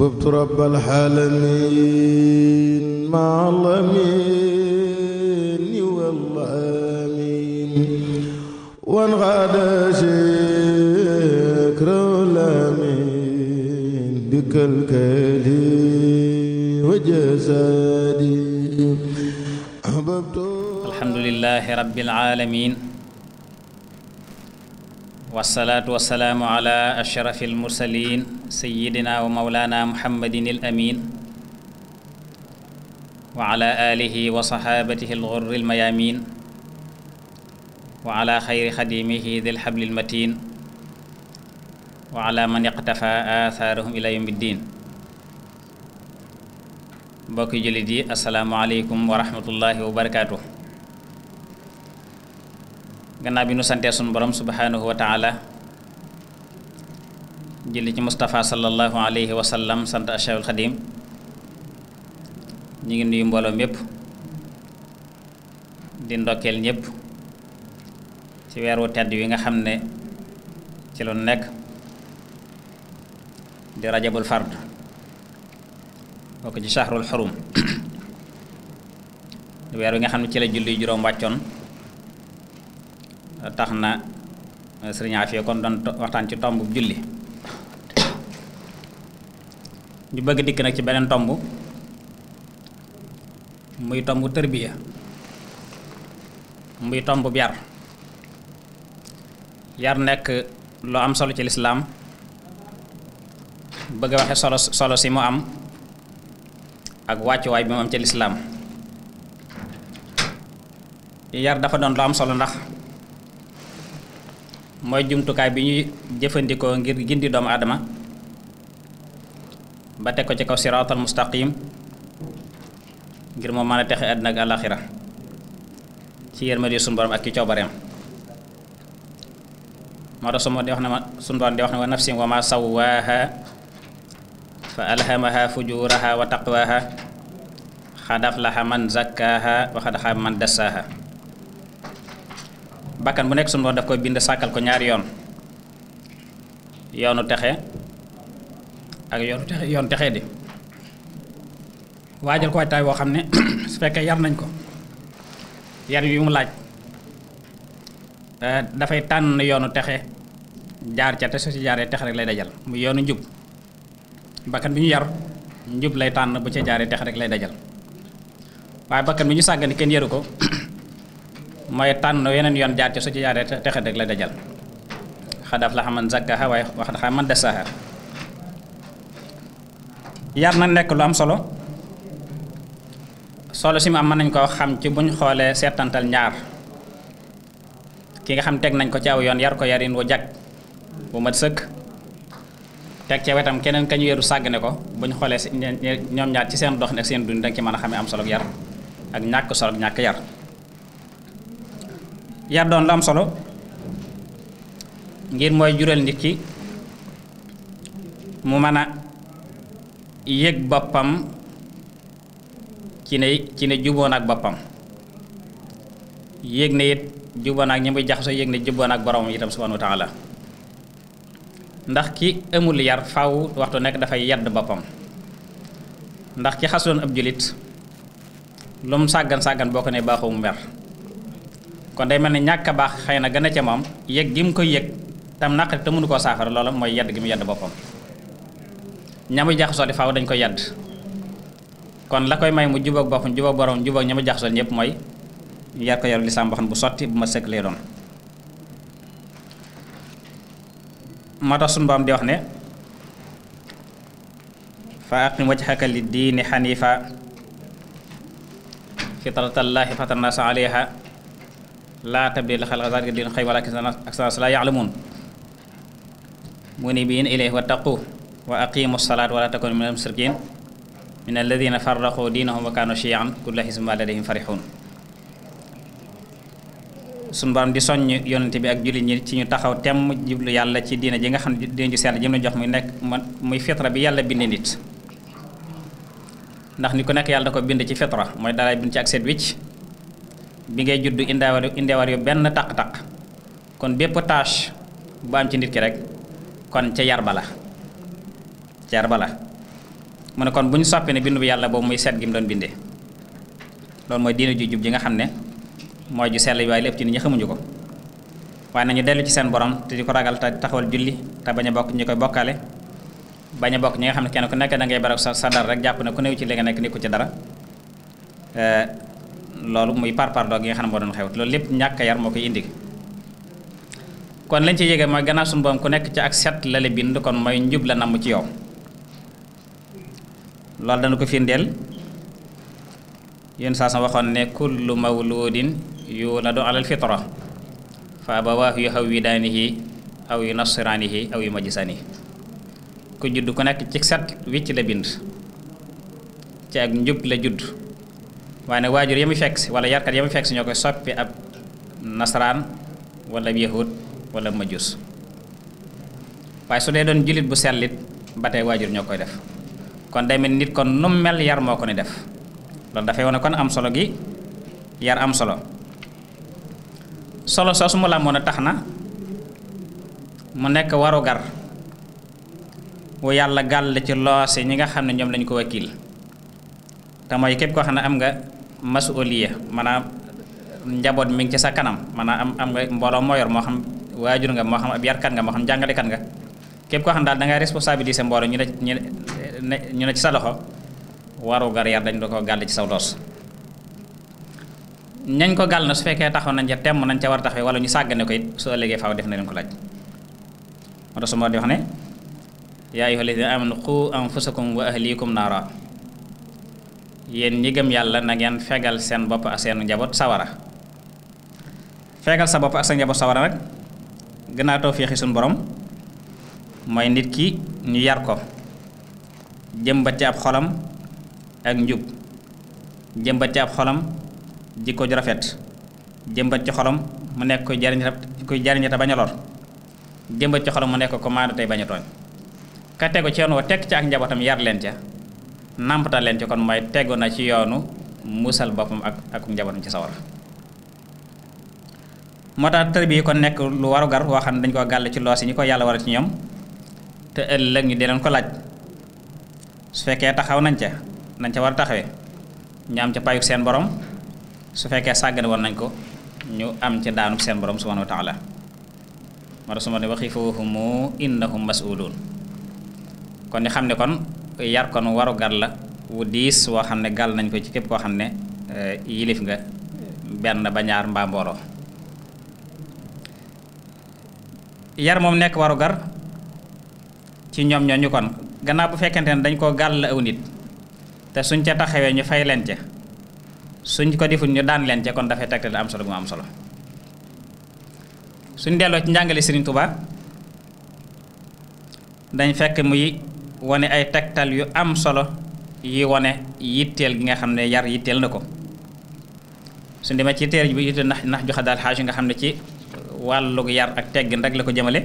أحببت رب العالمين مع الأمين والآمين وانغاد شكر الأمين بك الكلي وجسدي أحببت الحمد لله رب العالمين wasalaatu wasalaamu ala ashrafi almursalin sayidina wa maulana muhammadin al amin wa ala alihi wa sahabatihi alxurri almayamin wa ala xayri xadimihi dil xabli almatin wa ala man iqtafa athaarahum ila yawmi ddin mbokki jullit yi asalaamualeykum wa rahmatullahi wa barakaatu gannaaw bi nu santee sunu borom subhanahu wa taala julli ci Moustapha sallallahu alayhi wa sallam sant Acheikhul Xadim ñu ngi nuyu mbooloo mépp di ndokkeel ñëpp ci weeru tedd wi nga xam ne ci lu nekk di rajabul fard bokk ci shahrul xurum weer wi nga xam ne ci la julli juróom wàccoon tax na eh, sëriñ Afia kon doon waxtaan ci tomb julli ñu bëgg dikk nag ci beneen tomb muy tomb tërbiya muy tomb bu yar yar nekk lu am solo ci lislaam bëgg waxe solo solo si mu am ak wàccuwaay bi mu am ci lislaam yar dafa doon lu am solo ndax mooy jumtukaay bi ñuy jëfandikoo ngir gindi doomu aadama ba teg ko ci kaw siraatal mustaqim ngir moom mën a texe àddina ak àlaxira ci yërmande sunu borom ak ci coobareem moo tax suma di wax ma sunu borom di wax ne wa nafsin wa ma sawwaaha fa alhamaha fujuraha wa taqwaha xad man zakkaaha wa xad man dassaaha bakkan bu nekk suñu borom daf koy bind sàkkal ko ñaari yoon yoonu texe ak yoonu texe yoon texe di waajal ko waajtaay woo xam ne su fekkee yar nañ ko yar yu mu laaj dafay tànn yoonu texe jaar ca te su ci jaaree texe rek lay dajal mu yoonu njub bakkan bi ñu yar njub lay tànn bu ca jaaree texe rek lay dajal waaye bakkan bi ñu sàggani kenn yaru ko mooy tànn yeneen yoon jaar ci su ci jaaree texe dëgg la dajal xad aflaha man zakkaha waaye wax qad xaaba man dassaaha yar na nekk lu am solo solo si mu am mën nañ koo xam ci buñ xoolee seetantal ñaar ki nga xam teg nañ ko ci aw yoon yar ko yarin wu jag bu mat sëkk teg ci wetam keneen kañu yeru sàgg ne ko buñ xoolee ñoom ñaar ci seen dox nekk seen dund danga ci mën a xamee am solo ak yar ak ñàkk solo ak ñàkk yar yar doon lu am solo ngir mooy jural nit ki mu mën a yëg boppam ci ne ci ne juboon ak boppam yëg ne it juboon ak ñi muy jaxasoo yëg ne juboon ak boroomam itam subhanahu wa la ndax ki amul yar faw waxtu nekk dafay yedd boppam ndax ki xasuloon ab jullit lu mu sàggan sàggan boo ko ne baaxoo mu mer kon day mel ne ñàkk a baax xëy na gën a ca moom yëg gi mu koy yëg tam naqari te mënu koo saafara loola mooy yedd gi mu yedd boppam ñamu jaxasoo di faaw dañ ko yedd kon la koy may mu jubóog boppam jubóog borom jubóog ñamu jaxasoo ñëpp mooy yar ko yaru lislaam boo bu sotti bu ma sëkk lay doon moo tax suñu borom di wax ne fa aqim wajhaka li diini xanifa fitratallahi fatarnasa aleyha laa tabdila xalqa zaalika diinul qayyim walaakinna aksara naas laa ya'lamuun muniibiina mu wattaquu wa aqiimu salaata wa laa takuunu minal wa di soññ yonent ak jullit ñi ci ñu taxaw temm jublu yàlla ci diina ji nga xam ne diina ju sell jëm na jox muy nekk muy fitra bi yàlla bind nit ndax ni ku nekk yàlla ko bind ci fitra mooy dalay bind ci ak set bi ngay judd indeewar indeewar yu benn taq-taq kon bépp tâche bu am ci nit ki rek kon ca yar ba la ca yar ba la mu ne kon bu ñu soppi ne bind bi yàlla boobu muy set gi mu doon bindee loolu mooy diine ju jub ji nga xam ne mooy ju sell bi waaye ci nit ñi xamuñu ko waaye nañu dellu ci seen borom te di ko ragal te taxawal julli te bañ a bokk ñi koy bokkale bañ a bokk ñi nga xam ne kenn ku nekk da ngay barak sa dara rek jàpp ne ku néew ci li nga nekk nekku ci dara euh, loolu muy par par doog yi nga xam moo doon xew loolu lépp ñàkk yar moo koy indi kon lañ ci yéege mooy gannaaw suñu ku nekk ci ak set la kon mooy njub la namm ci yow loolu ko firndeel yéen saa sama waxoon ne kullu mawludin yuladu aw yunassiraanihi aw yumajjisaanihi ku judd ku wicc la bind ci ak njub la judd waaye waajur ya muy fekk si wala yarkat ya muy fekk si ñoo koy soppi ab nasaraan wala yahud wala majus waaye su dee doon jullit bu sellit ba tey waajur ñoo koy def kon day mel nit kon nu mel yar moo ko ni def loolu dafay wane kon am solo gi yar am solo solo soosu mu làmboon a tax na mu nekk warugar wu yàlla gàll ci loose ñi nga xam ne ñoom lañu ko wakiil te mooy képp ko xam ne am nga masuliya maanaam njaboot mi ngi ci sa kanam man maanaam am am nga mbooloo moo yor moo xam waajur nga moo xam ab yarkat nga moo xam jàngalekat nga képp koo xam daal da ngay responsabiliser mbooloo ñu ne ñu ne ñu ne ci sa loxo waru gar yar dañ da ko gàll ci sa doos ñañ ko gàll na su fekkee taxaw nañ ca temm nañ ca war a taxawee wala ñu sàggane ko it su ëllëgee faaw def na leen ko laaj moo tax su di wax ne yaa ayyuhal lazina yéen ñi yàlla na ngeen fegal seen bopp ak seen njaboot sawara fegal sa bopp ak sa njaboot sawara nag gënaa tawféexi suñu borom mooy nit ki ñu yar ko jëmbat ci ab xolam ak njub jëmbat ci ab xolam jikko ju rafet jëmbat ci xolam mu nekk ko jariñ koy jariñ te bañ a lor jëmbat ci xolam mu nekk ko maandu tey bañ a ci yoon wa tekk ci ak njabootam yar leen ca nàmpatal leen ci kon mooy tegu na ci yoonu musal boppam ak ak njabootam ci sawar moo tax tër bii kon nekk lu warugar woo xam ne dañ ko gàll ci loos yi ñu ko yàlla waral ci ñoom te ëllëg ñu di leen ko laaj su fekkee taxaw nañ ca nañ ca war a taxawee ñu am ca payuk seen borom su fekkee sàggane woon nañ ko ñu am ci daanub seen borom subhanahu wa taala moo tax su ma ne waxifuhum innahum mas'ulun kon ñu xam ne kon yar ko nu warugar la wu diis woo xam ne gàll nañ ko ci képp koo xam ne eh, yilif nga benn ba ñaar mbaa mbooloo yar moom nekk warugar ci ñoom ñoo ñu kon gannaaw bu fekkente ne dañ koo gàll aw nit te suñ ca taxawee ñu fay leen ca suñ ko deful ñu daan leen ca kon dafay tegte am solo bu am solo suñ delloo ci njàngale Sëriñ Tuubaa dañ fekk muy wane ay tegtal yu am solo yi wane yitteel gi nga xam ne yar yitteel na ko su demee ci téere bi yitteel nax nax joxe daal xaaj yi nga xam ne ci wàllug yar ak teggin rek la ko jëmale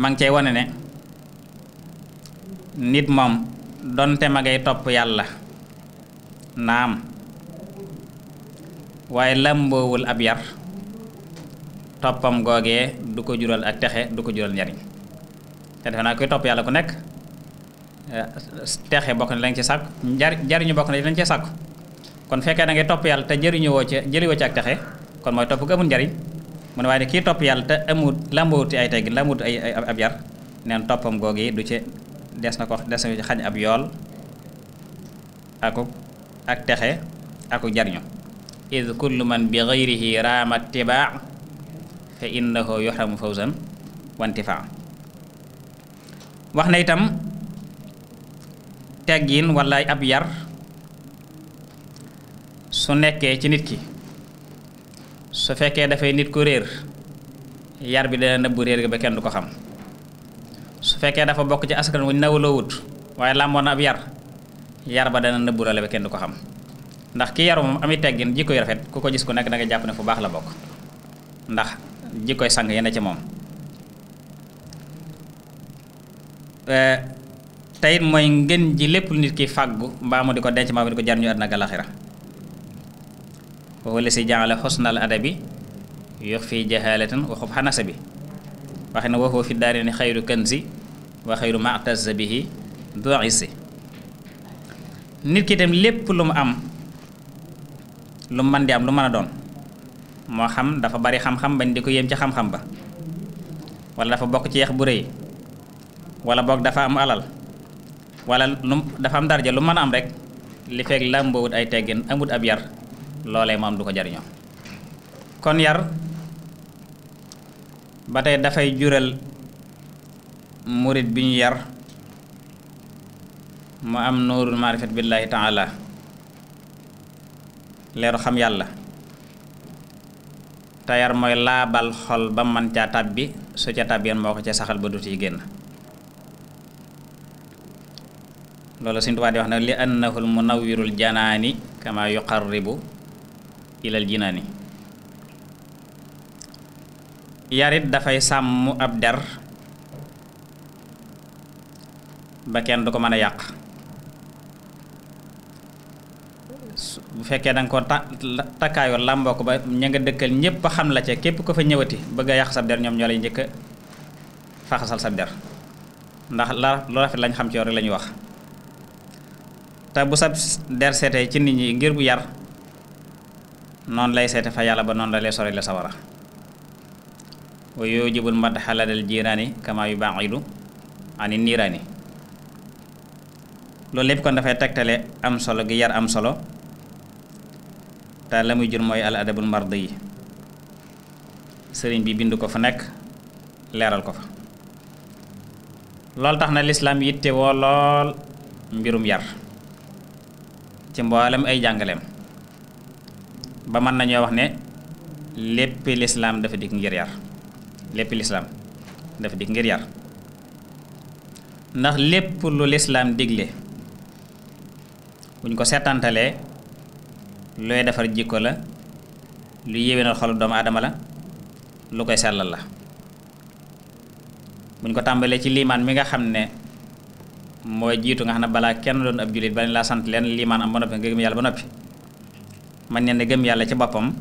ma ngi cay wane ne nit moom donte ma ngay topp yàlla naam waaye làmboowul ab yar toppam googee du ko jural ak texe du ko jural njariñ te defe naa koy topp yàlla ku nekk eh, teexee bokk na lañ ci sàkk jar jariñu bokk na lañ ci sàkk kon fekkee da ngay topp yàlla te jëriñu woo ci ak texe kon mooy topp ko amul njariñ mu ne waaye ne kii topp yàlla te amul lambawuti ay teggin lambawuti ay ab yar neen toppam googu du ci des na ko des na ci ab yool aku ak texe aku jariñu id kullu man bi gayrihi raama tibaa fa innahu yuhramu fawzan wa intifaa wax na itam teggin walla ab yar su nekkee ci nit ki su fekkee dafay nit ku réer yar bi dana nëbbu réer ba kenn du ko xam su fekkee dafa bokk ci askan wu nawloo wut waaye làmboon na ab yar yar ba dana nëbbu rale ba kenn du ko xam ndax ki yaru moom ami teggin jikkoy rafet ku ko gis ku nekk da jàpp ne fu baax la bokk ndax jikkoy sang yenn na ci moom Eh, teyit mooy ngeen ji lépp nit ki fàggu mbaa mu di ko denc mbaa mu di ko jar ñu àddina ak alaxira wa huwa si jaala xusnal adabi yox fii jahalatan wa xubxa nasabi waxe ne wa huwa fi daarini xayru kanzi wa xayru ma'tazza bihi doisi nit ki itam lépp lu mu am lu mu mën di am lu mën a doon moo xam dafa bari xam-xam bañ di ko yem ci xam-xam ba wala dafa bokk ci yax bu rëy wala boog dafa am alal wala lu dafa am darja lu mën a am rek li fekk làmboowut ay teggin amut ab yar loolee moom du ko jariñoo kon yar ba tey dafay jural murit bi ñu yar mu am nuurul maarifat billaahi taala leeru xam yàlla te yar mooy laabal xol ba man caa tàbbi su ca tàbbeen moo ko ca saxal ba dut yi génn loolu Sëñ Tuubaa di wax nag li annahul munawwirul janaani kama yuqarribu ilal jinaani yarit dafay sàmm ab der ba kenn du ko mën a yàq bu fekkee danga ko ta takkaayo ba ña nga dëkkal ñépp xam la ca képp ko fa ñëwati bëgg a yàq sab der ñoom ñoo lay njëkk faxasal sab der ndax la lu rafet lañ xam ci yow rek wax te bu sab der seetee ci nit ñi ngir bu yar noonu lay seete fa yàlla ba noonu la lay sori la sawara wa yujibul madha ladal jiraani kama yuba'idu ani niiraani loolu lépp kon dafay tegtale am solo gi yar am solo te la muy jur mooy al adabul mardi yi sëriñ bi bind ko fa nekk leeral ko fa loolu tax na lislaam yitte woo lool mbirum yar ci mboolem ay jàngaleem ba mën nañoo wax ne léppi lislaam dafa dikk ngir yar léppi lislaam dafa dikk ngir yar ndax lépp lu lislaam digle buñ ko setantalee looy defar jikko la lu yéwénal xolu doomu aadama la lu koy sellal la buñ ko tàmbalee ci liimaan mi nga xam ne mooy jiitu nga xam ne balaa kenn doon ab jullit ba ne laa sant leen liimaan am ba noppi nga gëm yàlla ba noppi man ne ne gëm yàlla ci boppam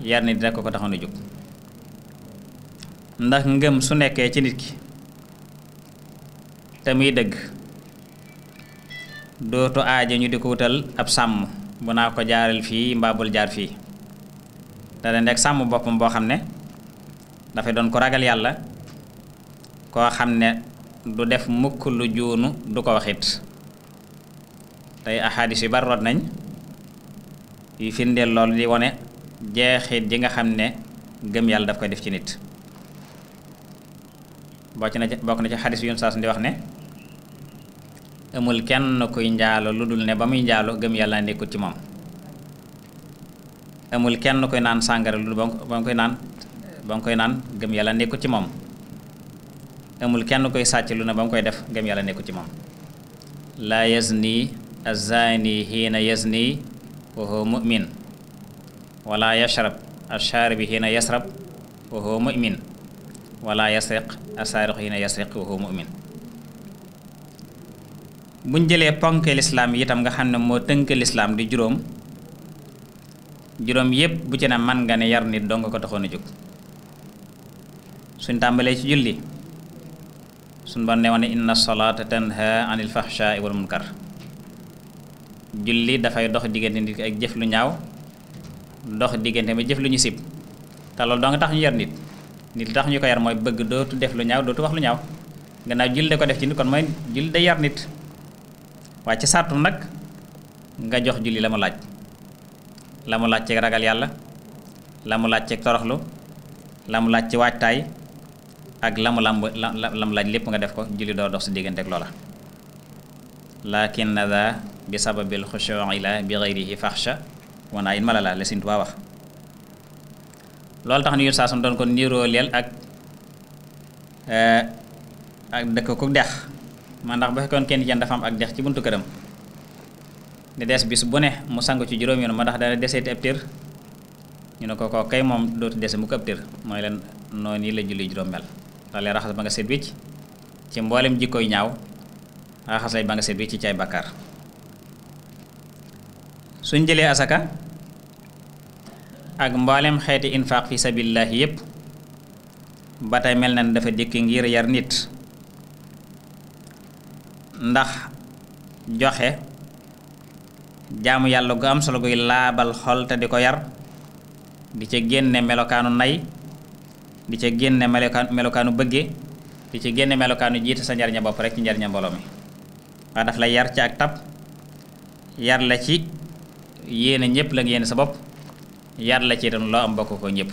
yar nit rek ko ko taxoon a jóg ndax ngëm su nekkee ci nit ki te muy dëgg dootu aaja ñu di ko wutal ab sàmm bu naa ko jaaral fii mbaabul jaar fii dale nekk sàmm boppam boo xam ne dafay doon ko ragal yàlla koo xam ne du def mukk lu juunu du ko waxit tey axaadis yu bari root nañ yu firndeel loolu di wone jeexit ji nga xam ne gëm yàlla daf koy def ci nit bokk na ci bokk na ci xadis yu saas di wax ne ëmul kenn kuy njaalo lu dul ne ba muy njaalo gëm yàlla nekkut ci moom amul kenn kuy naan sàngara lu dul ba mu koy naan ba mu koy naan gëm yàlla nekkut ci moom amul kenn koy sàcc lu ne ba mu koy def ngëm yàlla nekku ci moom laa yazni azani xiina yazni wa huwa mu'min wala yasriq asaariqu xiina yasriq wa mu'min buñ jëlee ponk lislaam yi itam nga xam ne moo tënk lislaam di juróom juróom yépp bu ci ne man nga ne yar nit dong ko taxoon a jóg suñ tàmbalee ci julli suñu ba newoon na inna salaata tanha anil fahshaai wal munkar julli dafay dox diggante nit ak jëf lu ñaaw dox diggante ba jëf lu ñu sib te loolu doo nga tax ñu yar nit nit tax ñu ko yar mooy bëgg dootu def lu ñaaw dootu wax lu ñaaw gannaaw julli da ko def ci nit kon mooy julli day yar nit waaye ci sàrtu nag nga jox julli la mu laaj la mu laaj ci ragal yàlla la mu laaj ci toroxlu la mu laaj ci waajtaay ak lamu lamb lam laaj lépp nga def ko julli doo dox si diggante ak loola lakin nada bi sababil xushu'i la bi ghayrihi faxsha wa na'in malala la Sëriñ Tuubaa wax loolu tax na yu saasam doon ko niiroo leel ak eh, ak dëkk ku dex man ndax bu fekkoon kenn jën dafa am ak dex ci buntu këram ne des bis bu ne mu sangu ci juróom yoon ma ndax dana deseeti ab tiir ñu ne ko ko moom dootu dese mu ko ab tiir mooy leen noonu la julli juróom mel da leen raxas ba nga set wicc ci mboolem jikkoy ñaaw raxas lay ba nga set wicc ci cay bakkaar suñ jëlee asaka ak mboolem xeeti infaaq fi sabilillahi yépp ba tey mel na ne dafa dikk ngir yar nit ndax joxe jaamu yàlla gu am solo guy laabal xol te di ko yar di ca génne melokaanu nay di ca génne melokaanu melokaanu bëggee di ci génne melokaanu jiite sa njariña bopp rek ci njariña mbooloo mi waaye daf la yar ci ak tab yar la ci yéene ñëpp la nga yéene sa bopp yar la ci itam loo am bokk ko ñëpp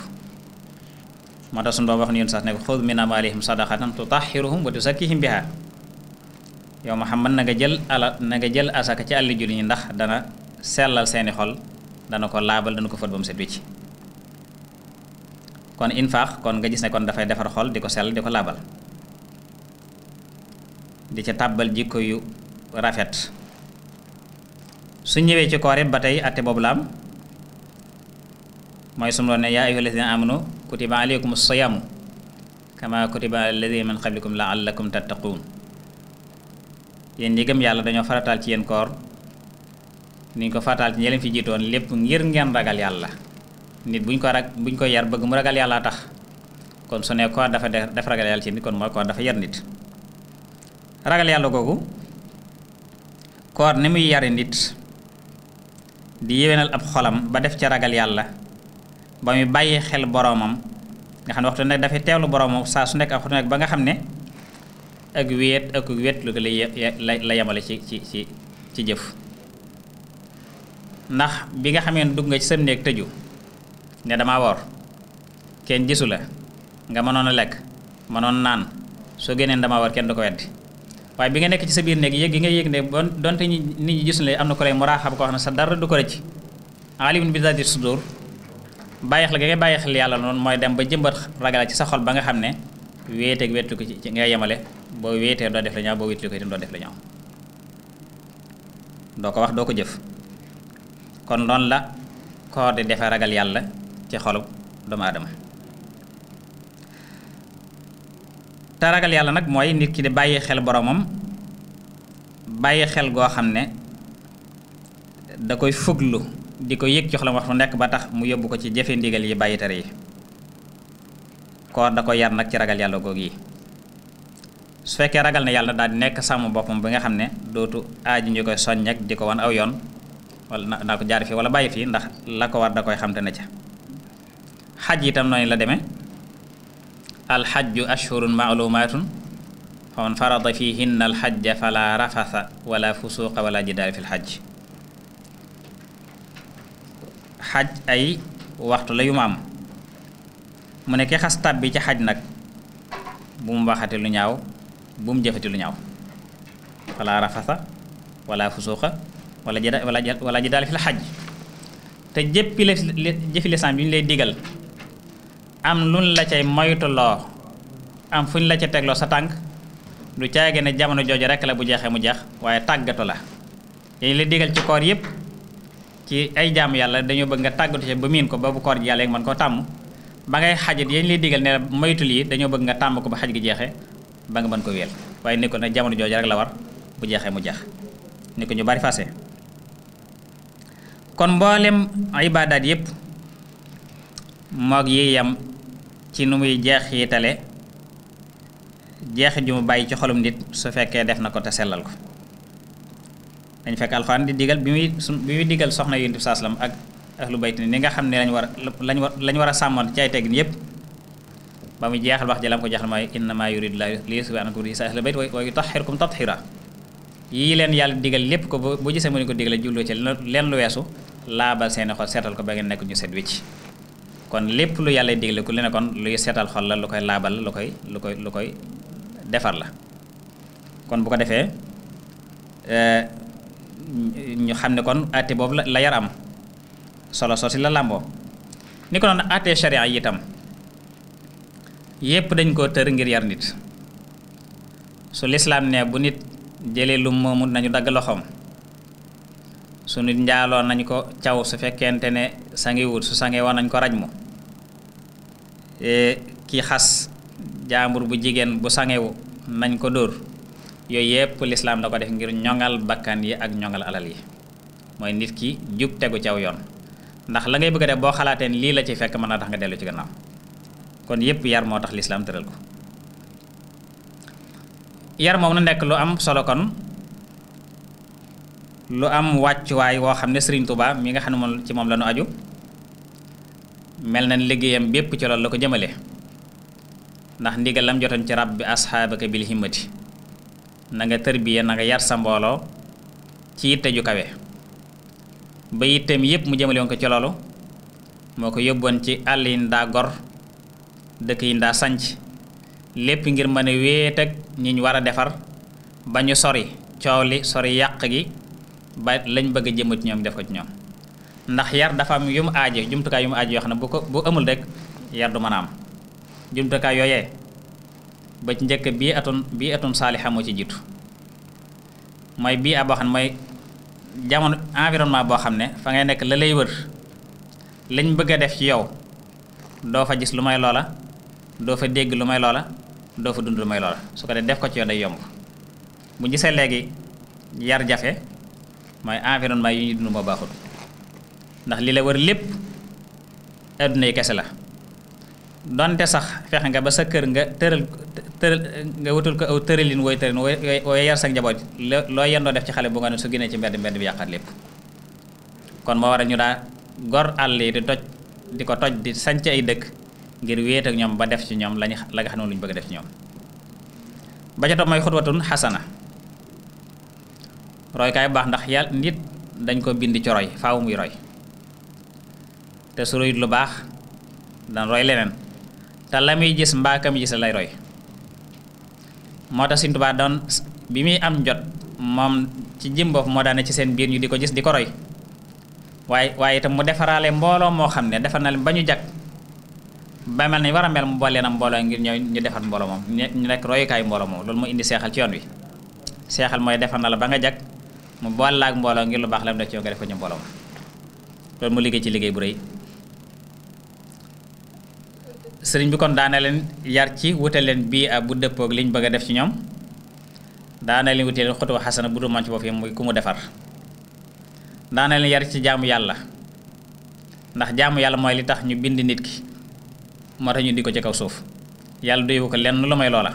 moo tax suñu doom wax ni yéen sax ne ko xud min amwaalihim sadaqatan tutahhiruhum wa tuzakkihim biha yow Muhammad na nga jël ala na nga jël asaka ci àll julli ñi ndax dana sellal seeni xol dana ko laabal dana ko fët ba mu set kon infaax kon nga gis ne kon dafay defar xol di ko sell di ko laabal di ca tàbbal jikko yu rafet su ñëwee ci koor it ba tey atte boobu laam mooy sum doon ne yaa ayyuha alladina amanu kutiba alaykum as-siyamu kama kutiba ala alladina min qablikum laallakum tattaqun yéen ñi yàlla dañoo farataal ci yéen koor ni ñu ko farataal ci ñi fi jiitoon lépp ngir ngeen ragal yàlla nit buñ ko rag buñ ko yar bëgg mu ragal yàllaa tax kon su ne koor dafa def ragal yàlla ci nit kon mooy koor dafa yar nit ragal yàlla googu koor ni muy yari nit di yéwénal ab xolam ba def ca ragal yàlla ba muy bàyyi xel boroomam nga xam ne waxtu nekk dafay teewlu boroomam saa su nekk ak waxtu nekk ba nga xam ne ak wéet ak wéet la la yemale ci ci ci ci jëf ndax bi nga xamee dugg nga ci sam néeg tëju ne damaa woor kenn gisu la nga mënoon a lekk mënoon naan soo génneen dama woor kenn du ko weddi waaye bi nga nekk ci sa biir néeg yëg gi nga yéeg ne bon donte ñi nit ñi gisu la am na ko lay muraaxab koo xam ne sa dara du ko rëcc alimun bi zaati sudur bàyyi xel gi ngay bàyyi xel yàlla noonu mooy dem ba jëmbat ragal ci sa xol ba nga xam ne wéete ak wéetu ci nga yemale boo wéetee doo def la ñaaw boo wéetlu ko itam doo def la ñaaw doo ko wax doo ko jëf kon noonu la koor di defee ragal yàlla ci xolub doomu aadama te ragal yàlla nag mooy nit ki di bàyyi xel boromam bàyyi xel goo xam ne da koy fuglu di ko yëg ci wax mu nekk ba tax mu yóbbu ko ci jëfe ndigal yi bàyyi tere yi koor da koy yar nag ci ragal yàlla googu yi su fekkee ragal na yàlla daal di nekk sàmm boppam bi nga xam ne dootu aaju ñu koy soññ di ko wan aw yoon wala na ko jaar fii wala bàyyi fii ndax la ko war da koy xamte na ca xaj itam nooy la deme alxajju ashhurun maalumaatun fa man farada fihinna alxajja fala fi lxajj xaj ay waxtu la yu ma am mu ne ki xas ci xaj nag bu mu waxati lu ñaaw bu mu jëfati lu ñaaw fala rafasa wala fusuqa wala jida wala jidaala fi lay digal am luñ la cay moytuloo am fuñ la ca tegloo sa tànk lu caage ne jamono jooju rek la bu jeexee mu jeex waaye tàggatu la yéen la digal ci koor yëpp ci ay jaam yàlla dañoo bëgg nga tàggatu ci ba miin ko ba bu koor gi yàlla mën koo tàmm ba ngay xajit yéen lay digal ne moytu lii dañoo bëgg nga tàmm ko ba xaj gi jeexee ba nga mën ko wéel waaye ni ko nag jamono jooju rek la war bu jeexee mu jeex ni ko ñu bari fase kon mboolem ibaadaat yëpp moog ci nu muy jeexitale jeexit ju mu bàyyi ci xolum nit su fekkee def na ko te sellal ko dañ fekk alxuraan di digal bi muy bi muy digal soxna Yonent bi sallallahu alayhi wasallam ak ahlu bayt ni nga xam ne lañ war lañ war lañ war a sàmmoon ci ay teggin yépp ba muy jeexal wax jëlam ko jeexal mooy innamaa yuriidu llaahu liyuthiba ankum rijiisa ahlal bayt wa yutahhirakum tathiiraa yii leen yàlla digal lépp ko bu gisee mu ne ko digalee julloo ci leen lu weesu laabal seeni xol seetal ko ba ngeen nekk ñu set wicc kon lépp lu yàlla digle ku li ne kon luy seetal xol la lu koy laabal la lu koy lu koy lu koy defar la kon bu ko defee eh, ñu xam ne kon àtte boobu la yar am solo si la làmboo ni ko noonu àtte sharia yi itam yépp dañ ko tër ngir yar nit su lislaam ne bu nit jëlee lu moomu nañu dagg loxoom su nit njaaloo nañ ko caw su fekkente ne sangi wut su sange woon nañ ko raj mu Eh, kii xas jaambur bu jigéen bu sangewu nañ ko dóor yooyu yëpp lislaam da ko def ngir ñoŋal bakkan yi ak ñoŋal alal yi mooy nit ki jub tegu caw yoon ndax la ngay bëgg a def boo xalaatee lii la ci fekk mën naa tax nga dellu ci gannaaw kon yëpp yar moo tax lislaam tëral ko yar moom na nekk lu am solo kon lu am wàccuwaay woo xam ne Sëriñ Tuubaa mi nga xam ne moom ci moom la ñu aju mel na liggéeyam bépp ci loolu la ko jëmale ndax ndigal lam jotoon ci rabbi asxaabaka bil himmati na nga tërbiya na nga yar sa mbooloo ci yitte ju kawe ba yitteem yépp mu jëmale woon ko ci moo ko yóbboon ci àll yi ndaa gor dëkk yi ndaa sanc lépp ngir mën a wéet ak ñi ñu war a defar ba ñu sori coow li sori yàq gi ba lañ bëgg a jëma ci ñoom def ko ci ñoom ndax yar dafa am yu mu aaje jumtukaay yu mu aaje yoo xam ne bu ko bu amul rek yar du mën jumtukaay yooyee ba ci njëkk bii atun bii atun saalixa moo ci jiitu mooy bii a boo xam ne mooy jamono environnement boo xam ne fa nga nekk la lay wër lañ bëgg a def ci yow doo fa gis lu may loola doo fa dégg lu may loola doo fa dund lu may loola su ko dee def ko ci yow day yomb bu gisee léegi yar jafe mooy environnement yi ñu dund moo baaxul ndax lii la war lépp adduna yi kese la donte sax fexe nga ba sa kër nga tëral nga wutul ko aw tëralin wooy tëralin wooy yar sa njaboot loo yendoo def ci xale bu nga ne su génnee ci mbedd mbedd bi yàqaat lépp kon war a ñu daa gor àll yi di toj di ko toj di sanc ay dëkk ngir wéet ak ñoom ba def ci ñoom lañu la nga bëgg def ci ñoom ba ca topp mooy xutwatun xasana roykaay baax ndax yàlla nit dañ ko bind coroy roy faaw roy te su royut lu baax dan roy leneen te la muy gis mbaakam gis lay roy moo tax Sëriñ Tuubaa doon bi muy am jot moom ci jëmbof moo daane ci seen biir ñu di ko gis di ko roy waaye waaye itam mu defaraale mbooloo moo xam ne defar na leen ba ñu jag ba mel ni war a mel mu boole na mbooloo ngir ñëw ñu defar mbooloo moom ñu nekk royukaay mbooloo moom loolu moo indi seexal ci yoon wi seexal mooy defar na la ba nga jag mu boole la mbooloo ngir lu baax la mu def def ko mbooloo loolu mu liggéey ci liggéey bu rëy sëriñ bi kon daanee leen yar ci wute leen bii a ah, bu dëppoog liñ bëgg a def ci ñoom daanee leen wute leen xutuwa xasana bu du man ci boobu muy ku mu defar daanee leen yar ci jaamu yàlla ndax jaamu yàlla mooy li tax ñu bind nit ki moo tax ñu di ko ci kaw suuf yàlla doyu ko lenn lu may loola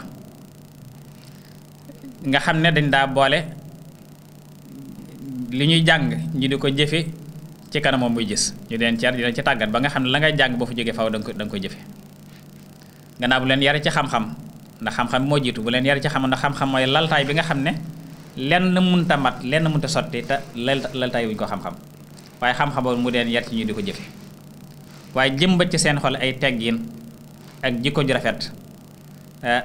nga xam ne dañ daa boole li ñuy jàng ñu di ko jëfe ci kanam moom muy gis ñu deen ci yar di leen tàggat ba nga xam ne la ngay jàng boo fa jógee faw danga ko da nga koy jëfe gannaaw bu leen yare ci xam-xam ndax xam-xam moo jiitu bu leen yar ci xam ndax xam-xam mooy laltaay bi nga xam ne lenn munta mat lenn munta sotti te laltaay wuñ ko xam-xam waaye xam-xam mu deen yar ci ñu di ko jëfe waaye jëmbat ci seen xol ay teggin ak jikko ju rafet eh,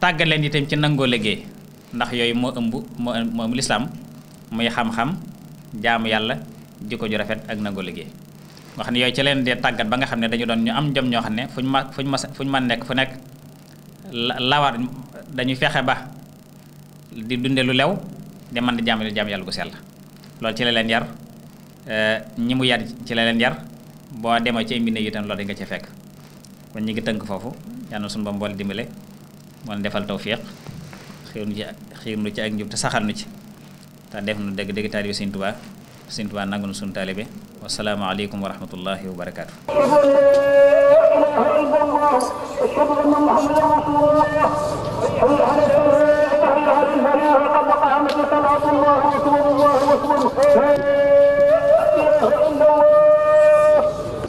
tàggat leen itam ci nangoo liggéey ndax yooyu moo ëmb moo ëmb lislaam muy xam-xam jaamu yàlla jikko ju rafet ak nangoo liggéey nga xam ne yooyu ci leen dee tàggat ba nga xam ne dañu doon ñu am jom ñoo xam ne fu ñu ma fu ñu ma nekk fu nekk lawar dañuy fexe ba di dunde lu lew di man di jaamu jaam yàlla gu sell loolu ci la leen yar eh, ñi mu yar ci la leen yar boo demee ci mbindee itam loolu nga ci fekk kon ñu ngi tënk foofu yàlla suñu ba mboole dimbale moo leen defal tawfiq xiir nu ci xiir nu ci ak njub te saxal nu ci te def nu dëgg dëgg taalibe Sëriñ Tuubaa Sëriñ Tuubaa nangu nu suñu taalibe wasalaamaaleykum wa rahmatullahi wa barakaatu.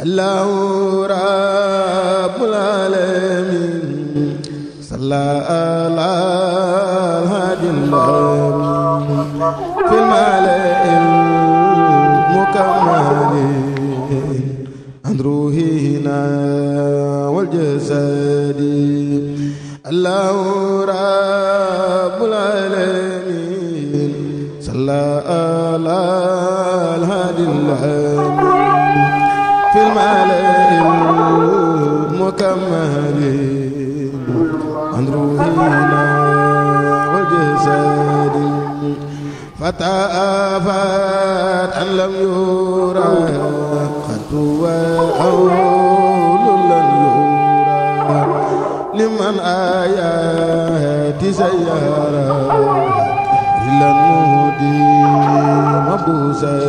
Allahu rabbul alamin salla ala hadin حتى آفات أن لم يرى قد أو لن يرى لمن آيات سيارة إلا المهدي مبوسا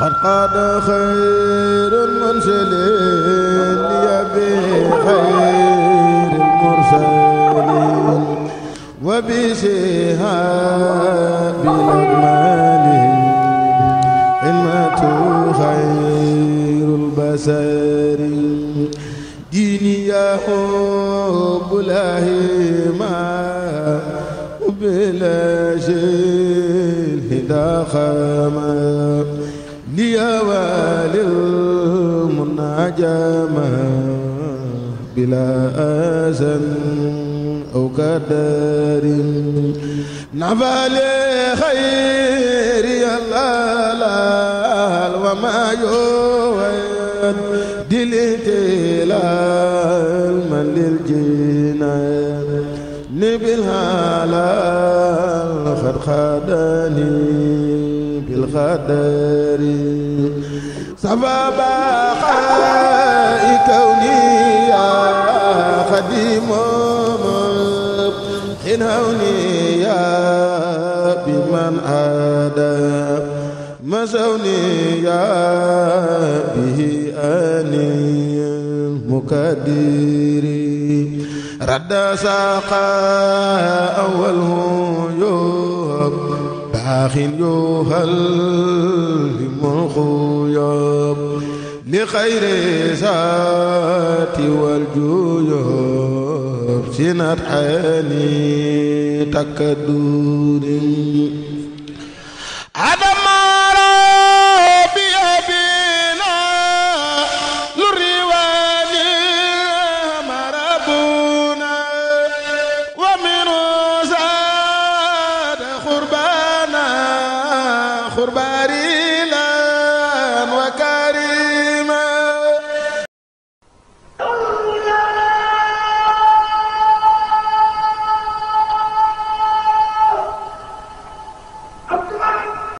قد قاد خير المنزلين يبي خير المرسل وبشهاب الأجمال علمة خير البشر ديني يا حب الله ما وبلا شيء دخما لي والي المناجمة بلا أذن أو كدار نفع لخير الله وما يوعد دلتلال من للجنان بالهلال خد خداني بالخدر سبب كوني يا خديمه من عادى مسوني يا به أني مكدري رد ساقا أوله يوب باخ يوهل لمنخويب لخير ساتي والجيوب سنت حني تكدوري